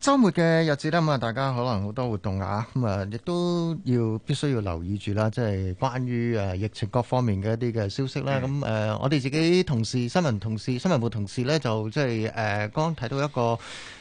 周末嘅日子啦，咁啊，大家可能好多活動啊，咁啊，亦都要必須要留意住啦，即係關於誒疫情各方面嘅一啲嘅消息啦。咁誒的我哋自己同事、新聞同事、新聞部同事咧，就即係誒剛睇到一個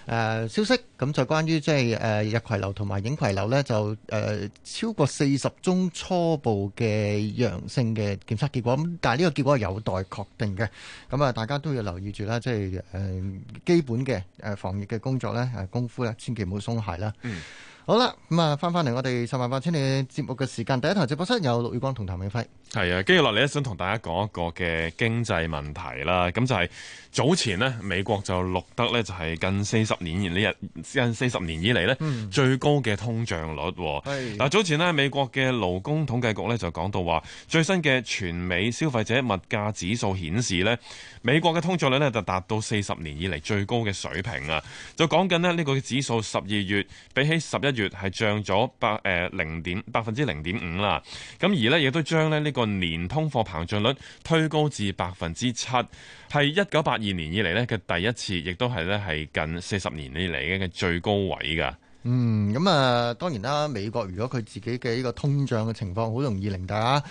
誒消息，咁就關於即係誒日葵樓同埋影葵樓咧，就誒超過四十宗初步嘅陽性嘅檢測結果，咁但係呢個結果係有待確定嘅。咁啊，大家都要留意住啦，即係誒基本嘅誒防疫嘅工作咧，誒公。千祈唔、嗯、好鬆懈啦。嗯，好啦，咁啊，翻翻嚟我哋十萬八千里節目嘅時間，第一台直播室有陸宇光同譚永輝。係啊，跟住落嚟咧，想同大家講一個嘅經濟問題啦。咁就係早前呢，美國就錄得呢，就係近四十年以呢近四十年以嚟呢，最高嘅通脹率。嗱、嗯，早前呢，美國嘅勞工統計局呢，就講到話，最新嘅全美消費者物價指數顯示呢，美國嘅通脹率呢，就達到四十年以嚟最高嘅水平啊！就講緊呢，呢個指數十二月比起十一月係漲咗百誒零、呃、點百分之零點五啦。咁而呢，亦都將呢、呢個個年通貨膨脹率推高至百分之七，係一九八二年以嚟呢嘅第一次，亦都係呢係近四十年以嚟嘅最高位噶。嗯，咁、嗯、啊，當然啦，美國如果佢自己嘅呢個通脹嘅情況，好容易令大家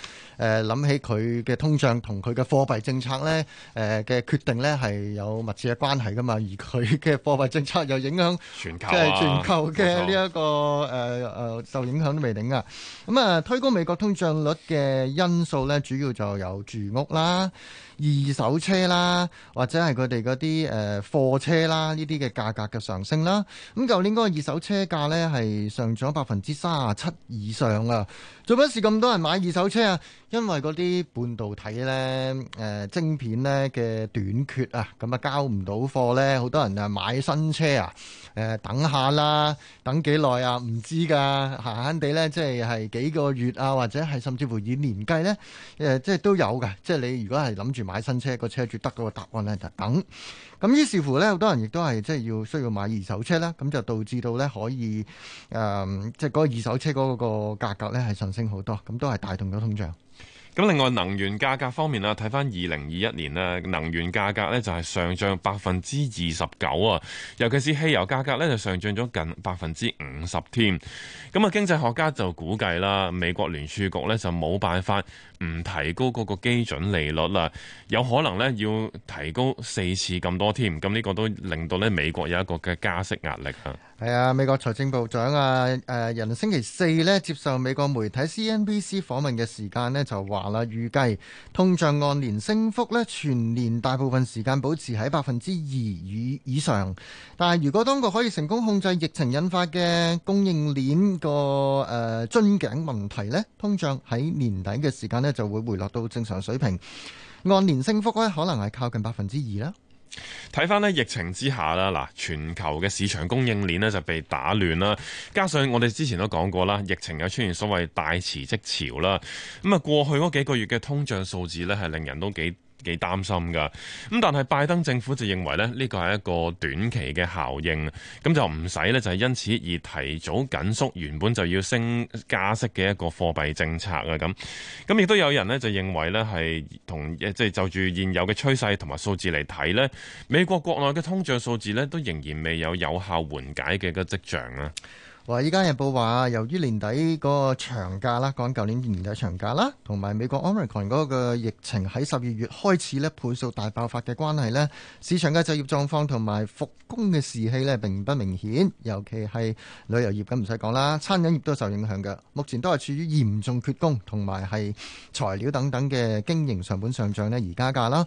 諗起佢嘅通脹同佢嘅貨幣政策咧嘅、呃、決定咧係有密切嘅關係噶嘛，而佢嘅貨幣政策又影響全球、呢個，即係全球嘅呢一個沒錯、呃呃、受影響都未定啊。咁、嗯、啊，推高美國通脹率嘅因素咧，主要就有住屋啦。二手車啦，或者係佢哋嗰啲誒貨車啦，呢啲嘅價格嘅上升啦，咁舊年嗰個二手車價呢，係上漲百分之三十七以上啊，做乜事咁多人買二手車啊？因為嗰啲半導體咧，誒、呃、晶片咧嘅短缺啊，咁啊交唔到貨咧，好多人啊買新車啊、呃，等下啦，等幾耐啊？唔知㗎，閒閒地咧，即係係幾個月啊，或者係甚至乎以年計咧、呃，即係都有㗎。即係你如果係諗住買新車，個車主得嗰個答案咧就等。咁於是乎咧，好多人亦都係即係要需要買二手車啦，咁就導致到咧可以誒，即係嗰二手車嗰個價格咧係上升好多，咁都係帶動咗通脹。咁另外能源價格方面啊，睇翻二零二一年啊能源價格咧就係上漲百分之二十九啊，尤其是汽油價格咧就上漲咗近百分之五十添。咁啊，經濟學家就估計啦，美國聯儲局咧就冇辦法唔提高嗰個基準利率啦，有可能咧要提高四次咁多添。咁呢個都令到咧美國有一個嘅加息壓力啊。係啊，美國財政部長啊，誒、呃、人星期四咧接受美國媒體 CNBC 訪問嘅時間咧就話。啦，預計通脹按年升幅咧，全年大部分時間保持喺百分之二以以上。但係如果當局可以成功控制疫情引發嘅供應鏈個誒樽頸問題咧，通脹喺年底嘅時間咧就會回落到正常水平，按年升幅咧可能係靠近百分之二啦。睇翻咧疫情之下啦，嗱全球嘅市場供應鏈咧就被打亂啦，加上我哋之前都講過啦，疫情有出現所謂大辭職潮啦，咁啊過去嗰幾個月嘅通脹數字咧係令人都幾幾擔心噶，咁但係拜登政府就認為呢，呢個係一個短期嘅效應，咁就唔使呢就係、是、因此而提早緊縮原本就要升加息嘅一個貨幣政策啊，咁咁亦都有人呢，就認為呢係同即係就住、是、現有嘅趨勢同埋數字嚟睇呢，美國國內嘅通脹數字呢，都仍然未有有效緩解嘅個跡象啊。而依家日報話，由於年底嗰個長假啦，講舊年年底長假啦，同埋美國 Omicron 嗰個疫情喺十二月開始咧，倍數大爆發嘅關係呢，市場嘅就業狀況同埋復工嘅士氣呢並不明顯。尤其係旅遊業咁唔使講啦，餐飲業都受影響嘅，目前都係處於嚴重缺工，同埋係材料等等嘅經營成本上漲呢而加價啦。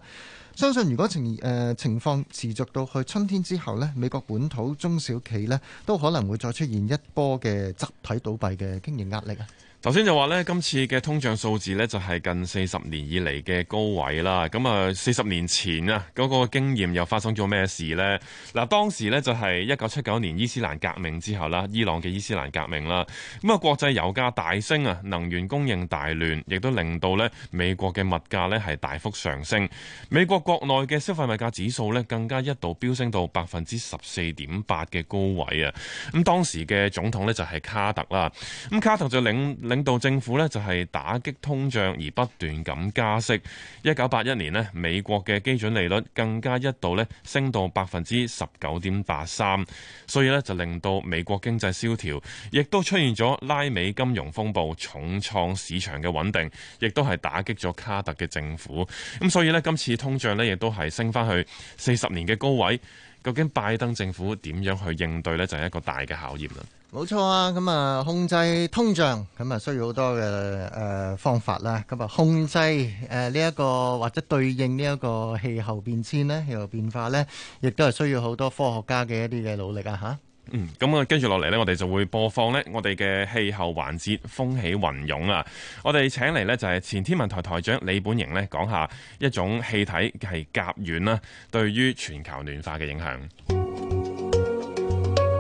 相信如果情誒情況持續到去春天之後咧，美國本土中小企咧都可能會再出現一波嘅集體倒閉嘅經營壓力啊！頭先就話呢今次嘅通脹數字呢，就係、是、近四十年以嚟嘅高位啦。咁、嗯、啊，四十年前啊，嗰、那個經驗又發生咗咩事呢？嗱，當時呢，就係一九七九年伊斯蘭革命之後啦，伊朗嘅伊斯蘭革命啦。咁啊，國際油價大升啊，能源供應大亂，亦都令到呢美國嘅物價呢係大幅上升。美國國內嘅消費物價指數呢，更加一度飆升到百分之十四點八嘅高位啊！咁當時嘅總統呢，就係、是、卡特啦。咁卡特就領。領導政府呢就係打擊通脹而不斷咁加息。一九八一年呢，美國嘅基準利率更加一度呢升到百分之十九點八三，所以呢就令到美國經濟蕭條，亦都出現咗拉美金融風暴，重創市場嘅穩定，亦都係打擊咗卡特嘅政府。咁所以呢，今次通脹呢亦都係升翻去四十年嘅高位。究竟拜登政府點樣去應對呢？就係、是、一個大嘅考驗啦。冇錯啊，咁啊控制通脹，咁啊需要好多嘅誒、呃、方法啦。咁啊控制誒呢一個或者對應呢一個氣候變遷呢，氣候變化呢，亦都係需要好多科學家嘅一啲嘅努力啊！嚇。嗯，咁啊，跟住落嚟呢，我哋就會播放呢，我哋嘅氣候環節風起雲湧啊！我哋請嚟呢，就係前天文台台長李本瀅呢，講下一種氣體係甲烷啦，對於全球暖化嘅影響。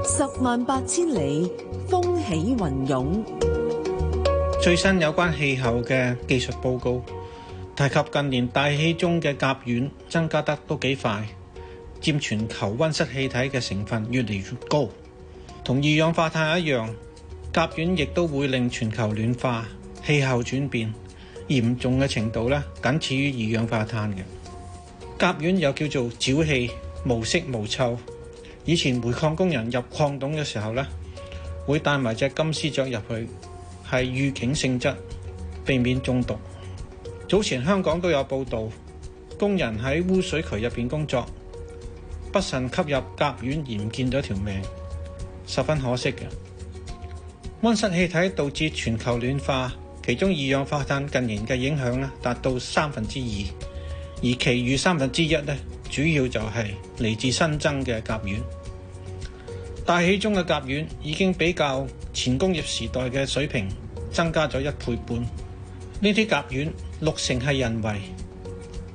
十萬八千里，風起雲湧。最新有關氣候嘅技術報告提及，近年大氣中嘅甲烷增加得都幾快，佔全球溫室氣體嘅成分越嚟越高。同二氧化碳一樣，甲烷亦都會令全球暖化、氣候轉變嚴重嘅程度咧，僅次於二氧化碳嘅甲烷又叫做沼氣，無色無臭。以前煤礦工人入礦洞嘅時候咧，會帶埋隻金絲雀入去，係預警性質，避免中毒。早前香港都有報道，工人喺污水渠入邊工作，不慎吸入甲烷，而唔見咗條命。十分可惜嘅。溫室氣體導致全球暖化，其中二氧化碳近年嘅影響呢，達到三分之二，而其餘三分之一呢，主要就係嚟自新增嘅甲烷。大氣中嘅甲烷已經比較前工業時代嘅水平增加咗一倍半。呢啲甲烷六成係人為，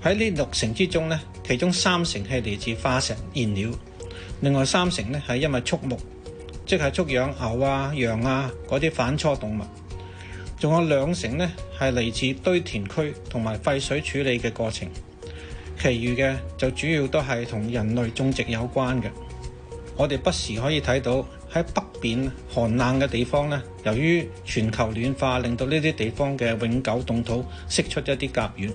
喺呢六成之中呢，其中三成係嚟自化石燃料，另外三成呢係因為畜牧。即係畜養牛啊、羊啊嗰啲反芻動物，仲有兩成呢係嚟自堆填區同埋廢水處理嘅過程，其餘嘅就主要都係同人類種植有關嘅。我哋不時可以睇到喺北邊寒冷嘅地方呢，由於全球暖化，令到呢啲地方嘅永久凍土釋出一啲甲烷，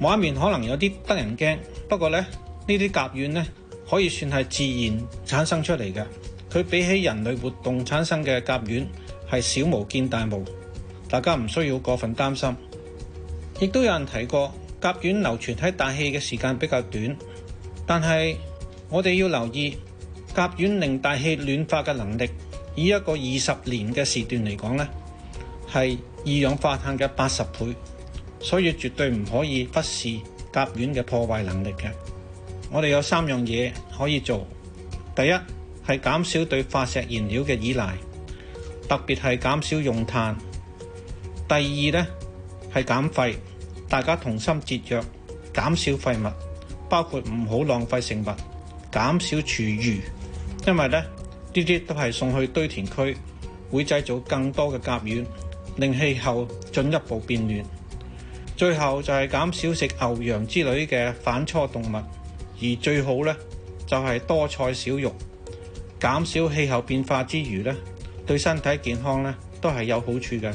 畫面可能有啲得人驚。不過呢，這些呢啲甲烷呢可以算係自然產生出嚟嘅。佢比起人類活動產生嘅甲烷係小巫見大巫，大家唔需要過分擔心。亦都有人提過，甲烷流傳喺大氣嘅時間比較短，但係我哋要留意甲烷令大氣暖化嘅能力，以一個二十年嘅時段嚟講呢，係二氧化碳嘅八十倍，所以絕對唔可以忽視甲烷嘅破壞能力嘅。我哋有三樣嘢可以做，第一，係減少對化石燃料嘅依賴，特別係減少用碳。第二呢，係減廢，大家同心節約，減少廢物，包括唔好浪費食物，減少廚餘，因為呢啲啲都係送去堆填區，會製造更多嘅甲烷，令氣候進一步變暖。最後就係減少食牛羊之類嘅反芻動物，而最好呢，就係多菜少肉。減少氣候變化之餘咧，對身體健康咧都係有好處嘅。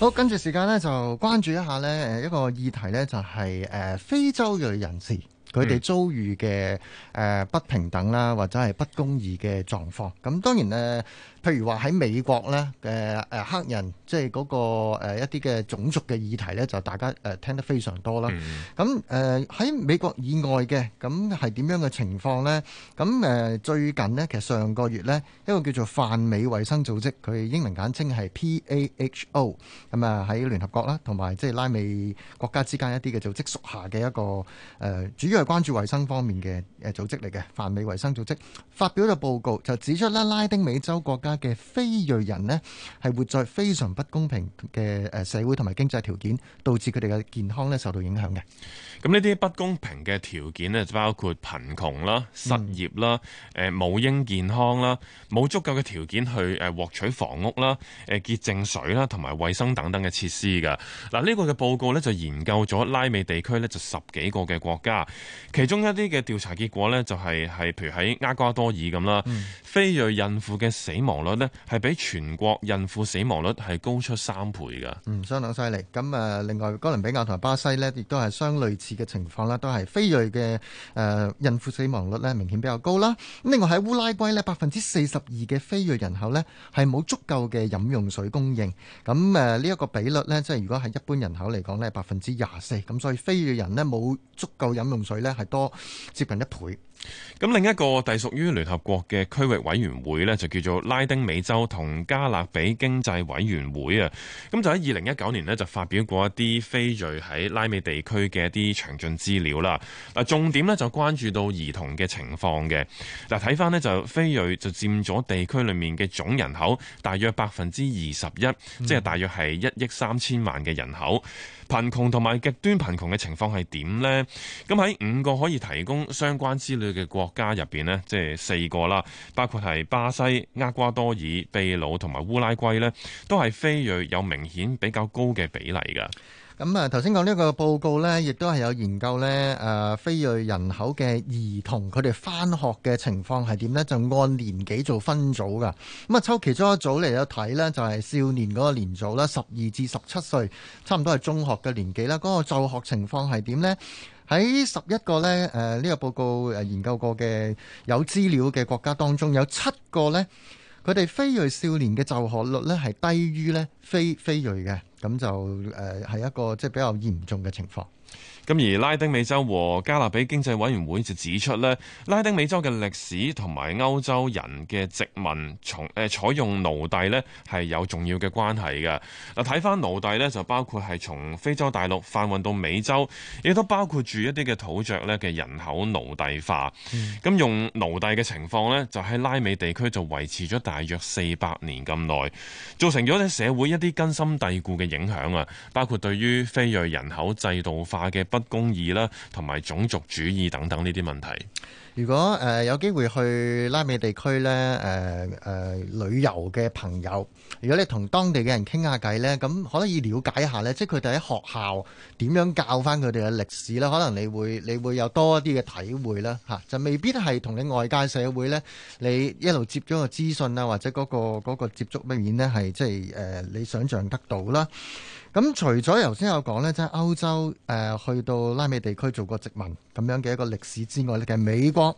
好，跟住時間咧就關注一下咧誒一個議題咧就係、是、誒、呃、非洲裔人士佢哋遭遇嘅誒、呃、不平等啦，或者係不公義嘅狀況。咁當然咧。譬如話喺美國咧，誒、呃、誒、呃、黑人即係、嗰個誒、呃、一啲嘅種族嘅議題咧，就大家誒、呃、聽得非常多啦。咁誒喺美國以外嘅，咁係點樣嘅情況咧？咁誒、呃、最近咧，其實上個月咧，一個叫做泛美衛生組織佢英文簡稱係 P A H O，咁啊喺聯合國啦，同埋即係拉美國家之間一啲嘅組織屬下嘅一個誒、呃、主要係關注衛生方面嘅誒組織嚟嘅。泛美衛生組織發表咗報告，就指出咧拉丁美洲國家嘅非裔人呢，係活在非常不公平嘅誒社會同埋經濟條件，導致佢哋嘅健康咧受到影響嘅。咁呢啲不公平嘅條件咧，就包括貧窮啦、失業啦、誒母嬰健康啦、冇足夠嘅條件去誒獲取房屋啦、誒潔淨水啦同埋衛生等等嘅設施噶。嗱，呢個嘅報告咧就研究咗拉美地區咧就十幾個嘅國家，其中一啲嘅調查結果咧就係係譬如喺厄瓜多爾咁啦，嗯、非裔孕婦嘅死亡率呢係比全國孕婦死亡率係高出三倍噶嗯，相當犀利。咁誒，另外哥倫比亞同巴西呢亦都係相類似嘅情況啦，都係非裔嘅誒、呃、孕婦死亡率呢明顯比較高啦。咁另外喺烏拉圭呢，百分之四十二嘅非裔人口呢係冇足夠嘅飲用水供應。咁誒呢一個比率呢，即係如果係一般人口嚟講呢，百分之廿四。咁所以非裔人呢冇足夠飲用水呢係多接近一倍。咁另一個隸屬於聯合國嘅區域委員會呢，就叫做拉丁美洲同加勒比經濟委員會啊。咁就喺二零一九年呢，就發表過一啲非裔喺拉美地區嘅一啲詳盡資料啦。啊，重點呢，就關注到兒童嘅情況嘅。嗱，睇翻呢，就非裔就佔咗地區裏面嘅總人口大約百分之二十一，即係大約係一億三千萬嘅人口。貧窮同埋極端貧窮嘅情況係點呢？咁喺五個可以提供相關資料嘅國家入邊，呢即係四個啦，包括係巴西、厄瓜多爾、秘魯同埋烏拉圭，呢都係非裔有明顯比較高嘅比例噶。咁啊，頭先講呢個報告呢，亦都係有研究呢。誒非裔人口嘅兒童，佢哋翻學嘅情況係點呢？就按年紀做分組噶。咁啊，抽其中一組嚟一睇呢，就係、是、少年嗰個年組啦，十二至十七歲，差唔多係中學嘅年紀啦。嗰、那個就學情況係點呢？喺十一個呢，誒、呃、呢、這個報告研究過嘅有資料嘅國家當中有七個呢。佢哋非裔少年嘅就學率咧係低於咧非非裔嘅，咁就誒係一個即係比較嚴重嘅情況。咁而拉丁美洲和加勒比經濟委員會就指出呢，拉丁美洲嘅歷史同埋歐洲人嘅殖民從誒、呃、採用奴隸呢係有重要嘅關係嘅。嗱，睇翻奴隸呢，就包括係從非洲大陸販運到美洲，亦都包括住一啲嘅土著呢嘅人口奴隸化。咁、嗯、用奴隸嘅情況呢，就喺拉美地區就維持咗大約四百年咁耐，造成咗呢社會一啲根深蒂固嘅影響啊，包括對於非裔人口制度化嘅不公義啦，同埋種族主義等等呢啲問題。如果誒有機會去拉美地區呢，誒、呃、誒、呃、旅遊嘅朋友，如果你同當地嘅人傾下偈呢，咁可以了解一下呢，即係佢哋喺學校點樣教翻佢哋嘅歷史咧，可能你會你會有多啲嘅體會啦，嚇就未必係同你外界社會呢。你一路接咗個資訊啦，或者嗰、嗰個嗰個接觸面，未必呢係即係誒、呃、你想像得到啦。咁除咗頭先有講呢，即係歐洲誒、呃、去到拉美地區做過殖民咁樣嘅一個歷史之外，呢其實美國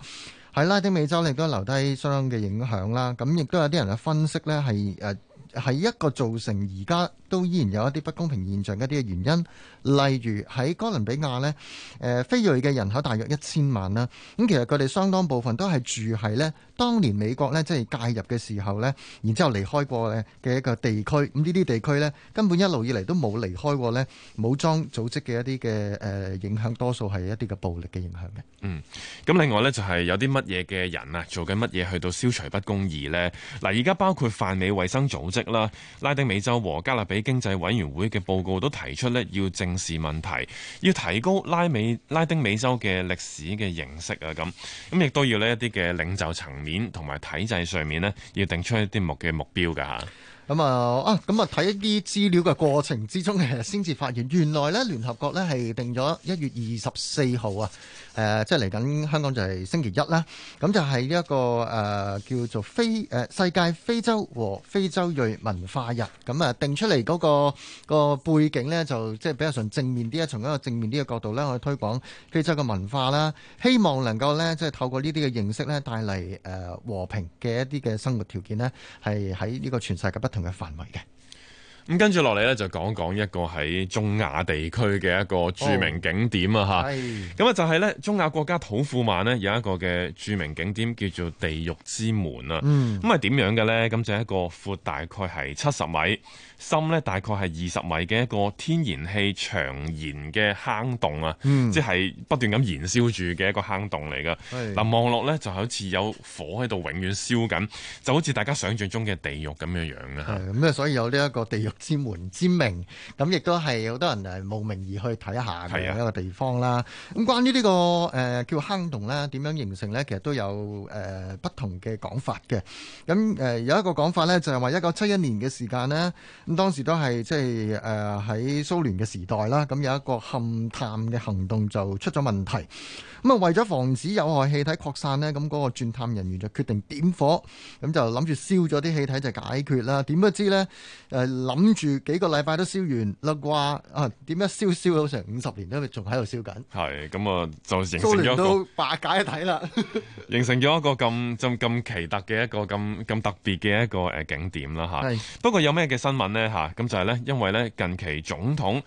喺拉丁美洲亦都留低相當嘅影響啦。咁亦都有啲人嘅分析呢係係一個造成而家都依然有一啲不公平現象嘅一啲嘅原因，例如喺哥倫比亞呢，誒非裔嘅人口大約一千萬啦。咁其實佢哋相當部分都係住喺呢當年美國呢，即係介入嘅時候呢，然之後離開過呢嘅一個地區。咁呢啲地區呢，根本一路以嚟都冇離開過呢武裝組織嘅一啲嘅誒影響，多數係一啲嘅暴力嘅影響嘅。嗯，咁另外呢，就係有啲乜嘢嘅人啊，做緊乜嘢去到消除不公義呢？嗱，而家包括泛美衛生組織。啦，拉丁美洲和加勒比經濟委員會嘅報告都提出呢，要正視問題，要提高拉美拉丁美洲嘅歷史嘅認識啊，咁咁亦都要呢一啲嘅領袖層面同埋體制上面呢，要定出一啲目嘅目標㗎吓。咁啊啊！咁啊睇一啲資料嘅過程之中，其實先至發現原來咧，聯合國咧，係定咗一月二十四號啊，誒、呃，即係嚟緊香港就係星期一啦。咁就係呢一個誒叫做非誒、啊、世界非洲和非洲裔文化日。咁啊定出嚟嗰、嗰個、嗰個背景咧，就即係比較上正面啲啊，從一個正面啲嘅角度咧，去推廣非洲嘅文化啦。希望能夠咧，即係透過呢啲嘅認識咧，帶嚟誒和平嘅一啲嘅生活條件咧，係喺呢個全世界不。同嘅範圍嘅。咁跟住落嚟咧，就講講一個喺中亞地區嘅一個著名景點、哦、啊！嚇是，咁啊就係咧，中亞國家土庫曼呢有一個嘅著名景點叫做地獄之門啊！咁啊點樣嘅咧？咁就係、一個闊大概係七十米，深咧大概係二十米嘅一個天然氣長燃嘅坑洞啊！即係、嗯、不斷咁燃燒住嘅一個坑洞嚟噶。嗱是，望落咧就好似有火喺度永遠燒緊，就好似大家想象中嘅地獄咁樣樣啊。咁啊、嗯，所以有呢一個地獄之門之名，咁亦都係好多人誒慕名而去睇下嘅一個地方啦。咁是、啊、關於呢、呢個誒、呃、叫坑洞咧，點樣形成咧，其實都有誒、呃、不同嘅講法嘅。咁誒、呃、有一個講法咧，就係話一九七一年嘅時間呢，咁當時都係即係誒喺蘇聯嘅時代啦。咁有一個勘探嘅行動就出咗問題。咁啊為咗防止有害氣體擴散呢，咁嗰個鑽探人員就決定點火，咁就諗住燒咗啲氣體就解決啦。點都知咧誒諗。呃跟住幾個禮拜都燒完啦啩啊？點解燒燒到成五十年都仲喺度燒緊？係咁啊，就形成咗一個蘇聯都瓦解底啦，形成咗一個咁咁咁奇特嘅一個咁咁特別嘅一個誒景點啦嚇。不過有咩嘅新聞咧嚇？咁就係咧，因為咧近期總統，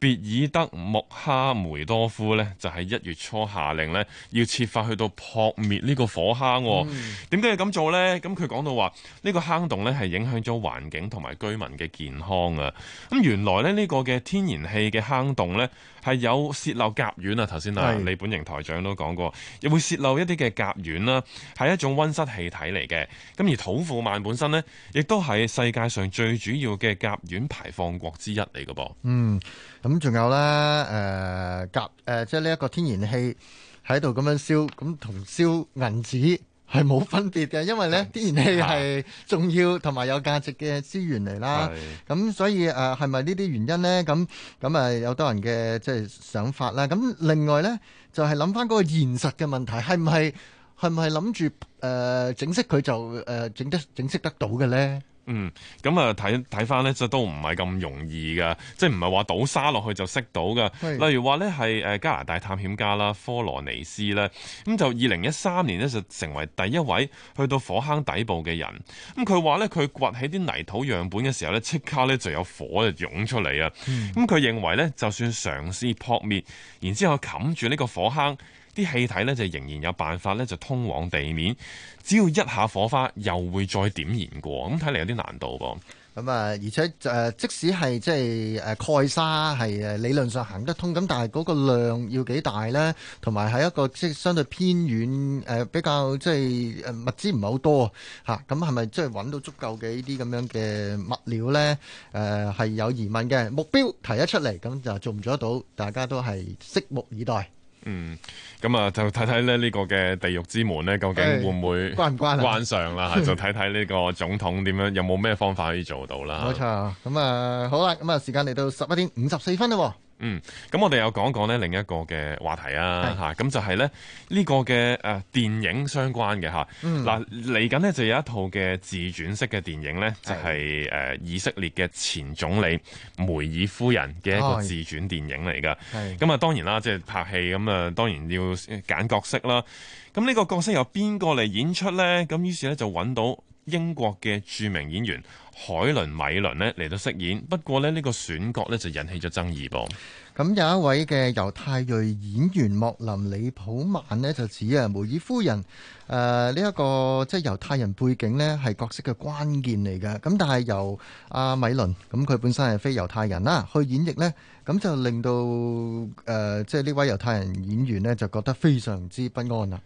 別爾德穆哈梅多夫呢就喺、是、一月初下令呢要設法去到撲滅呢個火坑、哦。點解、嗯、要咁做呢？咁佢講到話，呢、呢個坑洞呢係影響咗環境同埋居民嘅健康啊！咁原來呢、呢個嘅天然氣嘅坑洞呢，係有洩漏甲烷啊！頭先啊，李本瀅台長都講過，又會洩漏一啲嘅甲烷啦，係一種溫室氣體嚟嘅。咁而土庫曼本身呢，亦都係世界上最主要嘅甲烷排放國之一嚟嘅噃。嗯。咁仲有咧，誒夾誒，即係呢一個天然氣喺度咁樣燒，咁同燒銀紙係冇分別嘅，因為咧，天然氣係重要同埋有價值嘅資源嚟啦。咁所以誒，係咪呢啲原因咧？咁咁誒，有多人嘅即係想法啦。咁另外咧，就係諗翻嗰個現實嘅問題，係唔係係唔係諗住誒整熄佢就誒整得整熄得到嘅咧？嗯，咁啊睇睇翻咧，就都唔係咁容易噶，即係唔係話倒沙落去就熄到噶。是例如話咧係誒加拿大探險家啦科羅尼斯啦、嗯、呢，咁就二零一三年咧就成為第一位去到火坑底部嘅人。咁佢話咧佢掘起啲泥土樣本嘅時候咧，即刻咧就有火就湧出嚟啊。咁佢、嗯嗯、認為咧，就算嘗試撲滅，然之後冚住呢個火坑。啲氣體呢就仍然有辦法呢，就通往地面，只要一下火花又會再點燃過，咁睇嚟有啲難度噃。咁啊，而且誒，即使係即係誒蓋沙係誒理論上行得通，咁但係嗰個量要幾大咧？同埋喺一個即係相對偏遠誒，比較即係誒物資唔係好多嚇。咁係咪即係揾到足夠嘅呢啲咁樣嘅物料咧？誒係有疑問嘅。目標提一出嚟，咁就做唔做得到？大家都係拭目以待。嗯，咁啊就睇睇咧呢個嘅地獄之門咧，究竟會唔會、哎、關唔關、啊、關上啦，就睇睇呢個總統點樣，有冇咩方法可以做到啦？冇錯 咁啊好啦，咁啊時間嚟到十一點五十四分啦。嗯，咁我哋又講講咧另一個嘅話題啊，吓咁是、啊、就係、是、咧呢、這個嘅誒、呃、電影相關嘅吓嗱嚟緊呢就有一套嘅自傳式嘅電影呢是就係、是、誒、呃、以色列嘅前總理是梅爾夫人嘅一個自傳電影嚟噶。咁是啊，當然啦，即、就、係、是、拍戲咁啊，當然要揀角色啦。咁呢個角色由邊個嚟演出呢？咁於是咧就揾到。英國嘅著名演員海倫米倫咧嚟到飾演，不過咧呢、呢個選角咧就引起咗爭議噃。咁有一位嘅猶太裔演員莫林李普曼咧就指啊，梅爾夫人誒呢一個即係猶太人背景咧係角色嘅關鍵嚟嘅。咁但係由阿、啊、米倫咁佢本身係非猶太人啦，去演繹呢，咁就令到誒、呃、即係呢位猶太人演員呢就覺得非常之不安啦。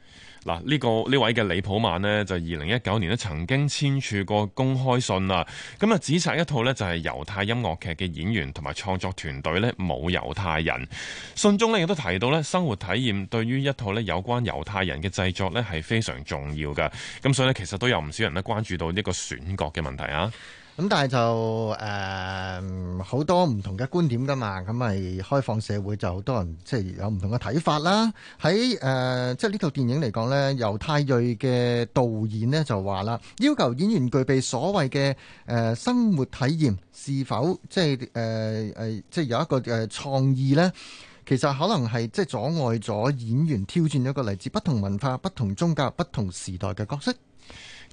嗱，呢、這個呢位嘅李普曼呢，就二零一九年曾經簽署過公開信啦，咁啊指責一套呢，就係猶太音樂劇嘅演員同埋創作團隊呢，冇猶太人。信中呢亦都提到呢，生活體驗對於一套呢有關猶太人嘅製作呢係非常重要嘅。咁所以呢，其實都有唔少人呢關注到呢個選角嘅問題啊。咁但係就誒好多唔同嘅觀點㗎嘛，咁咪開放社會就好多人即係有唔同嘅睇法啦。喺誒即係呢套電影嚟講咧，猶太裔嘅導演咧就話啦，要求演員具備所謂嘅誒生活體驗，是否即係誒誒即係有一個誒創意咧？其實可能係即係阻礙咗演員挑戰一個嚟自不同文化、不同宗教、不同時代嘅角色。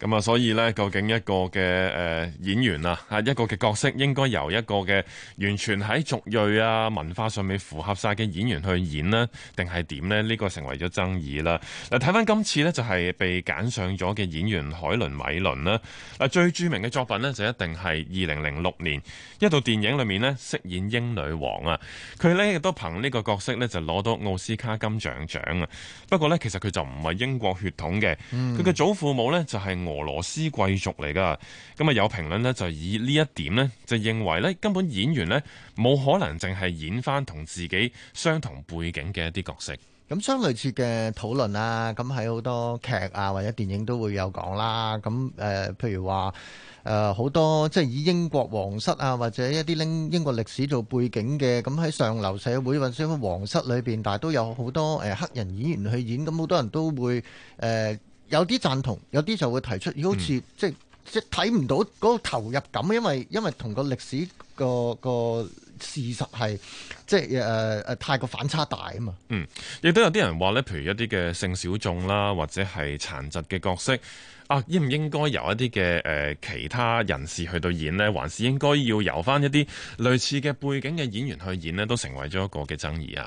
咁啊，所以咧，究竟一個嘅誒、呃、演員啊，啊一個嘅角色應該由一個嘅完全喺族裔啊、文化上面符合晒嘅演員去演咧、啊，定係點咧？呢、這個成為咗爭議啦。嗱，睇翻今次咧，就係被揀上咗嘅演員海倫米倫啦。嗱，最著名嘅作品咧就一定係二零零六年一套電影裏面咧飾演英女王啊。佢咧亦都憑呢個角色咧就攞到奧斯卡金像獎啊。不過咧，其實佢就唔係英國血統嘅，佢嘅、嗯、祖父母咧就係、是。俄羅斯貴族嚟㗎，咁啊有評論呢，就以呢一點呢，就認為咧，根本演員呢冇可能淨係演返同自己相同背景嘅一啲角色。咁相類似嘅討論啊，咁喺好多劇啊或者電影都會有講啦。咁誒、呃，譬如話誒好多即係以英國皇室啊或者一啲拎英國歷史做背景嘅，咁喺上流社會或者喺皇室裏邊，但係都有好多誒、呃、黑人演員去演，咁好多人都會誒。呃有啲贊同，有啲就會提出，好似即係即係睇唔到嗰個投入感，因為因為同個歷史個個事實係即係誒誒太過反差大啊嘛。嗯，亦都有啲人話咧，譬如一啲嘅性小眾啦，或者係殘疾嘅角色，啊應唔應該由一啲嘅誒其他人士去到演呢？還是應該要由翻一啲類似嘅背景嘅演員去演呢？都成為咗一個嘅爭議啊。